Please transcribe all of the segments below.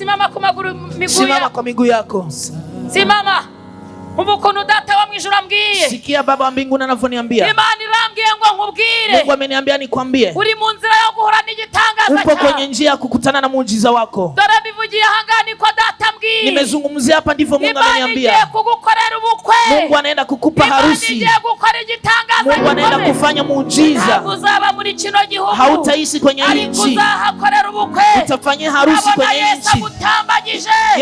simama ku maguru miguu simama kwa miguu yako simama umva ukuntu data wa mwijuru ambwiye sikia baba wa mbinguni anavyoniambia imana irambwiye ngo nkubwire mungu ameniambia nikwambie uri mu nzira yo guhura n'igitangaza upo kwenye njia ya kukutana na muujiza wako Nimezungumzia hapa, ndivyo Mungu ananiambia. Mungu anaenda kukupa harusi. Mungu anaenda kufanya muujiza. Hautaishi kwenye nchi, utafanyia harusi kwenye nchi.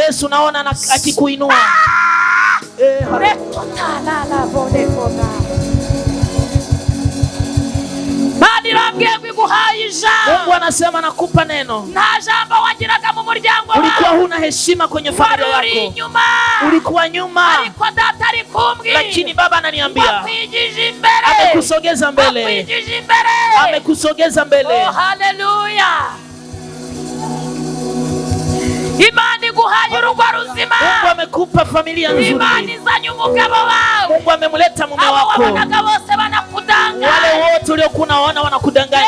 Yesu naona akikuinua ah! eh, Mungu anasema nakupa neno ulikuwa huna heshima kwenye familia yako, ulikuwa nyuma, lakini Baba ananiambia amekusogeza mbele, amekusogeza mbele. Oh, haleluya! Imani guhaye urugo ruzima. Mungu amekupa familia nzuri. Imani zanye umugabo wawe. Mungu amemleta mume wako. Wale wote uliokuwa unaona wanakudanganya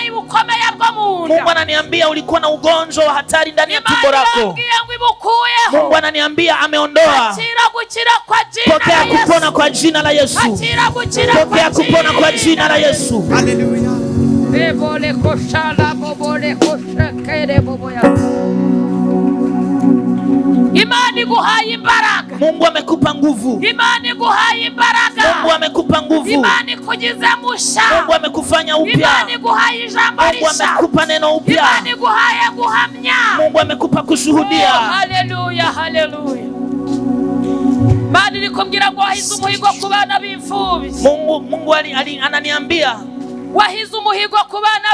Mungu ananiambia ulikuwa na ugonjwa wa hatari ndani ya tumbo lako. Mungu ananiambia ameondoa. Pokea kupona kwa jina la Yesu. Pokea kupona kwa jina la Yesu. Haleluya. Imani kuhai baraka. Mungu amekupa nguvu. Imani kuhai baraka. Mungu amekupa nguvu. Imani kujizamusha. Mungu amekufanya upya. Imani kuhai Mungu amekupa neno upya. Imani kuhamnya. Mungu amekupa kushuhudia. Oh, haleluya, haleluya. ngo wahize umuhigo ku bana Mungu Mungu ali, ali, ananiambia wahize umuhigo ku bana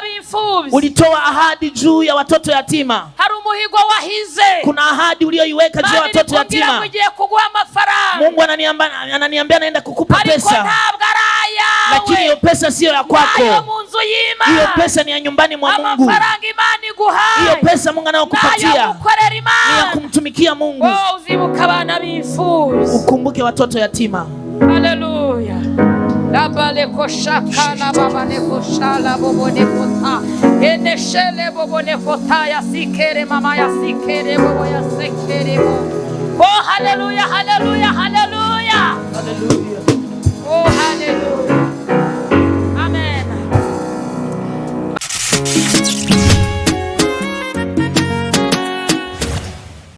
Ulitoa ahadi juu ya watoto yatima. Haru umuhigo wahize kuna ahadi uliyoiweka juu ya watoto yatima Mungu ananiambia naenda kukupa pesa lakini hiyo pesa siyo ya kwako hiyo pesa ni ya nyumbani mwa Mungu hiyo pesa Mungu anayokupatia ni ya kumtumikia Mungu oh, ukumbuke watoto yatima Haleluya eneshele bobone fotaya mama ya sikere bobo Oh, haleluya, haleluya, haleluya. Haleluya. Oh, haleluya. Amen.